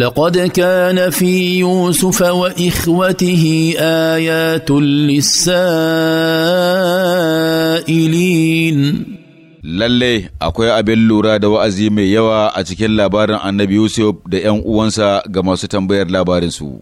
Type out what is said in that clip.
لقد كان في يوسف واخوته ايات للسائلين lalle akwai abin lura da wa'azi mai yawa a cikin labarin annabi yusuf da 'yan uwansa ga masu tambayar labarinsu